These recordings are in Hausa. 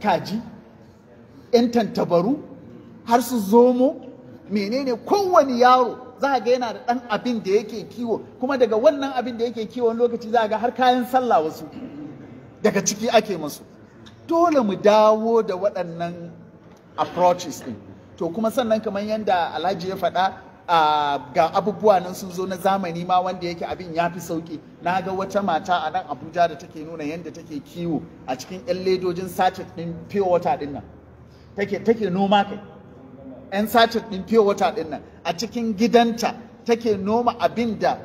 kaji 'yan tantabaru har su zomo menene kowane yaro za ga yana da ɗan abin da yake kiwo kuma daga wannan abin da yake kiwon lokaci za ga har kayan sallah wasu daga ciki ake masu dole mu dawo da waɗannan approaches ɗin to kuma sannan kamar yadda alhaji ya faɗa ga abubuwa nan sun zo na zamani ma wanda yake abin ya fi sauki na ga wata mata a nan abuja da take nuna yadda take kiwo a cikin 'yan ledojin sachet ɗin pure water din nan take noma kai 'yan sachet din pure water din nan a cikin gidanta take noma abin da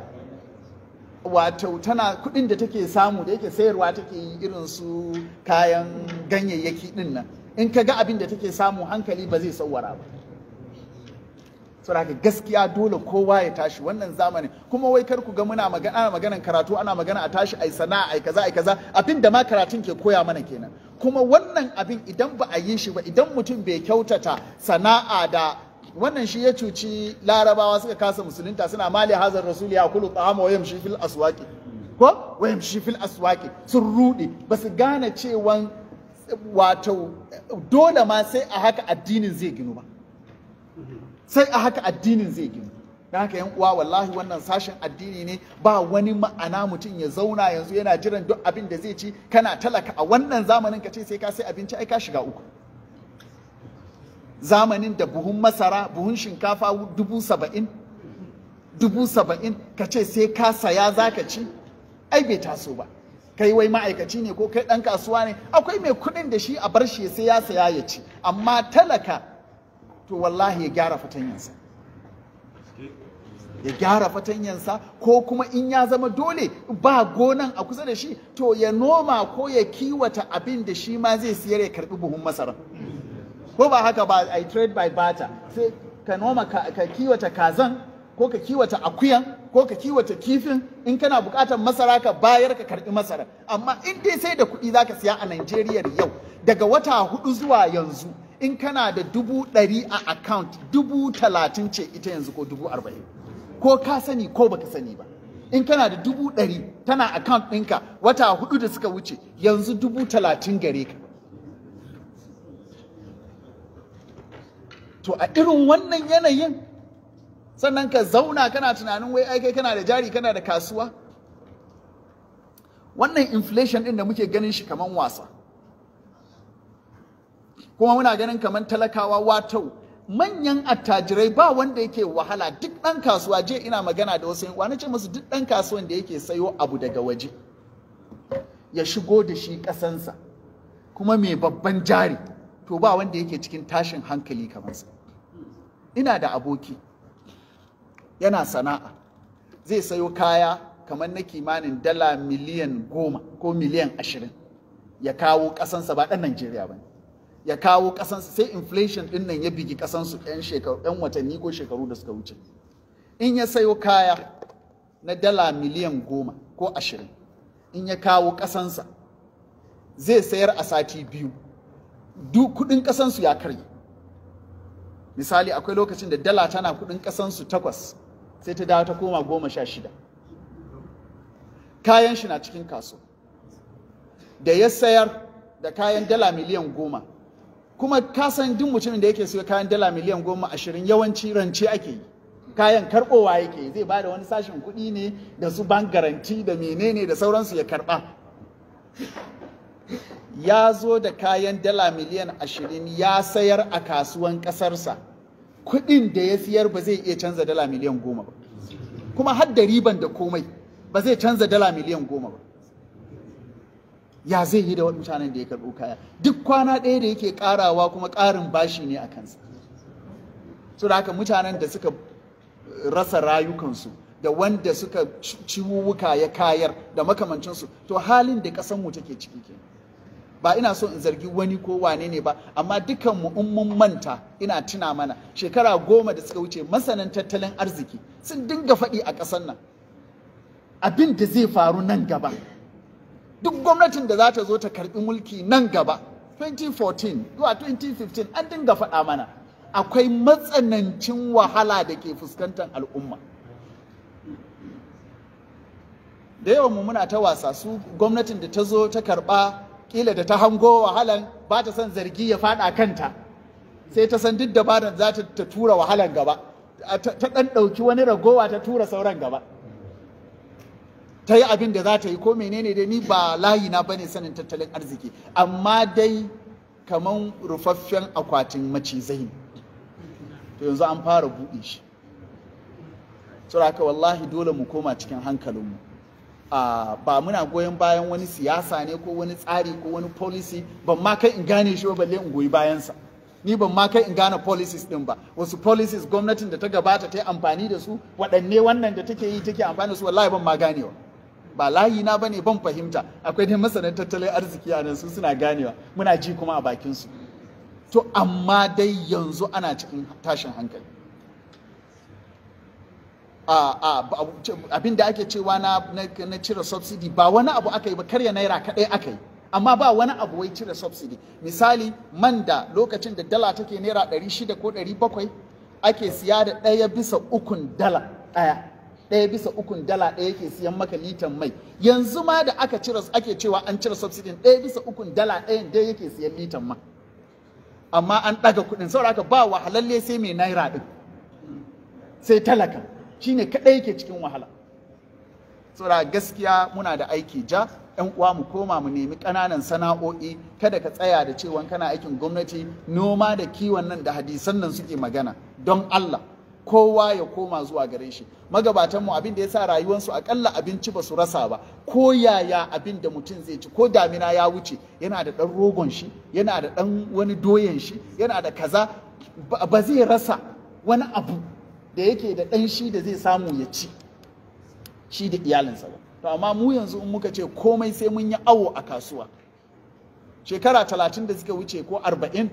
wato tana kuɗin da take samu da yake sayarwa take yi irin su kayan ganyayyaki din nan in ka ga abin da take samu hankali ba zai sauwara ba saboda gaskiya dole kowa ya tashi wannan zamanin kuma wai kar ku ga muna magana ana karatu ana magana a tashi ai sana'a ai kaza ai kaza abin da ma karatun ke koya mana kenan kuma wannan abin idan ba a yi shi ba idan mutum bai kyautata sana'a da wannan shi ya cuci larabawa suka kasa musulunta suna mali hazar rasul ya kulu ta'ama wa yamshi fil aswaqi ko wa yamshi fil aswaqi sun rudi su gane cewan wato dole ma sai a haka addinin zai ginu ba sai a haka addinin zai ginu na haka yan uwa wallahi wannan sashen addini ne ba wani ma'ana mutum ya zauna yanzu yana jiran duk abin da zai ci kana talaka a wannan zamanin ka ce sai ka sai abinci ai ka shiga uku zamanin da buhun masara buhun shinkafa dubu saba'in dubu saba'in ka ce sai ka saya za ka ci ai bai taso ba kai wai ma'aikaci ne ko kai ɗan kasuwa ne akwai mai kuɗin da shi a bar shi sai ya saya ya ci amma talaka to wallahi ya gyara fatanyansa ya gyara fatanyansa ko kuma in ya zama dole ba gonan a kusa da shi to ya noma ko ya kiwata abin da shi ma zai siyar ya karbi buhun masara ko ba haka ba a trade by barter sai ka noma ka kiwata kazan ko ka kiwata akuyan ko ka kiwata kifin in kana bukatar masara ka bayar ka karbi masara amma in dai sai da kuɗi zaka siya a Najeriya yau daga wata hudu zuwa yanzu in kana da dubu ɗari a account dubu talatin ce ita yanzu ko dubu arba'in ko ka sani ko baka sani ba in kana da dubu ɗari tana account ɗinka wata hudu da suka wuce yanzu dubu talatin gare ka to a irin wannan yanayin sannan ka zauna kana tunanin wai ai kai kana da jari kana da kasuwa wannan inflation ɗin da muke ganin shi kaman wasa kuma muna ganin kamar talakawa wato manyan attajirai ba wanda yake wahala duk ɗan kasuwa je ina magana da wasu wani ce musu duk ɗan kasuwan da yake sayo abu daga waje ya shigo da shi kasansa kuma mai babban jari to ba wanda yake cikin tashin hankali kamar sa ina da aboki yana sana'a zai sayo kaya kamar na kimanin dala miliyan goma ko miliyan ashirin ya kawo ƙasansa ba ɗan Najeriya ba ne ya kawo kasansu sai inflation din nan ya bigi kasansu yan shekaru yan watanni ko shekaru da suka wuce in ya sayo kaya na dala miliyan goma ko ashirin in ya kawo kasansa zai sayar a sati biyu duk kudin kasansu ya karye misali akwai lokacin da dala tana kudin kasansu takwas sai ta dawo ta koma goma sha shida kayan shi na cikin kaso da ya sayar da kayan dala miliyan goma kuma kasan duk mutumin da yake siya kayan dala miliyan goma ashirin yawanci rance ake yi kayan karbowa yake zai ba da wani sashen kuɗi ne da su ban garanti da menene da sauransu ya karba ya zo da kayan dala miliyan ashirin ya sayar a kasuwan ƙasarsa kuɗin da ya siyar ba zai iya canza dala miliyan goma ba kuma har da riban da komai ba zai canza dala miliyan goma ba ya zai yi da mutanen da ya karɓo kaya duk kwana ɗaya da yake ƙarawa kuma ƙarin bashi ne a kansa so da haka mutanen da suka rasa rayukansu da wanda suka ciwuwuka ya kayar da makamancinsu to halin da ƙasanmu take ciki ke ba ina so in zargi wani ko wane ne ba amma mu in mun manta ina tuna mana shekara goma da suka wuce masanan tattalin arziki sun dinga faɗi a ƙasar nan abin da zai faru nan gaba duk gwamnatin da za ta zo ta karbi mulki nan gaba 2014 zuwa 2015 an dinga faɗa mana akwai matsanancin wahala da ke fuskantar al'umma da yawan mu muna ta wasa su gwamnatin da ta zo ta karɓa ƙila da ta hango wahalan ba ta son zargi ya faɗa kanta sai ta san duk dabarar za ta tura wahalan gaba ta ɗan ɗauki wani ragowa ta tura sauran gaba ta yi abin da za ta yi ko menene dai ni ba layi na bane sanin tattalin arziki amma dai kaman rufaffen akwatin macizai to yanzu an fara buɗe shi saboda wallahi dole mu koma cikin hankalinmu ba muna goyon bayan wani siyasa ne ko wani tsari ko wani policy ban ma kai in gane shi ba balle in goyi bayansa ni ban ma kai in gane policies din ba wasu policies gwamnatin da ta gabata ta yi amfani da su waɗanne wannan da take yi take amfani da su wallahi ban ma ganewa ba layi na bane ban fahimta akwai dai masanan tattalin arziki a nan su suna ganewa muna ji kuma a bakin su to amma dai yanzu ana cikin tashin hankali abin da ake cewa na cire subsidy ba wani abu aka yi ba karya naira kaɗai aka yi amma ba wani abu wai cire subsidy misali man da lokacin da dala take naira 600 ko 700 ake siya da ɗaya bisa ukun dala ɗaya ɗaya bisa ukun dala ɗaya ke siyan maka litan mai yanzu ma da aka cire ake cewa an cire subsidy ɗaya bisa ukun dala ɗaya ɗaya yake siyan litan ma amma an ɗaga kuɗin saboda haka ba wahalalle sai mai naira ɗin sai talaka shine kaɗai yake cikin wahala saboda gaskiya muna da aiki ja yan uwa mu koma mu nemi ƙananan sana'o'i kada ka tsaya da cewa kana aikin gwamnati noma da kiwon nan da hadisan nan suke magana don Allah kowa ya koma zuwa gare shi magabatanmu abin da ya sa rayuwarsu akalla abinci ba su rasa ba ko yaya abin da mutum zai ci ko damina ya wuce yana da ɗan rogon shi yana da ɗan wani doyen shi yana da kaza ba zai rasa wani abu da yake da ɗan shi da zai samu ya ci shi da iyalinsa ba to amma mu yanzu in muka ce komai sai mun yi awo a kasuwa shekara talatin da suka wuce ko arba'in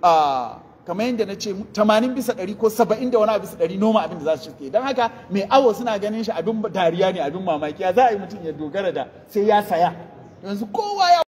a ah, kamar yadda na ce 80 bisa 100 ko 70 da wani abu bisa 100 noma abin da za su shirke don haka mai awo suna ganin shi abin dariya ne abin mamaki ya za a yi mutum ya dogara da sai ya saya yanzu kowa ya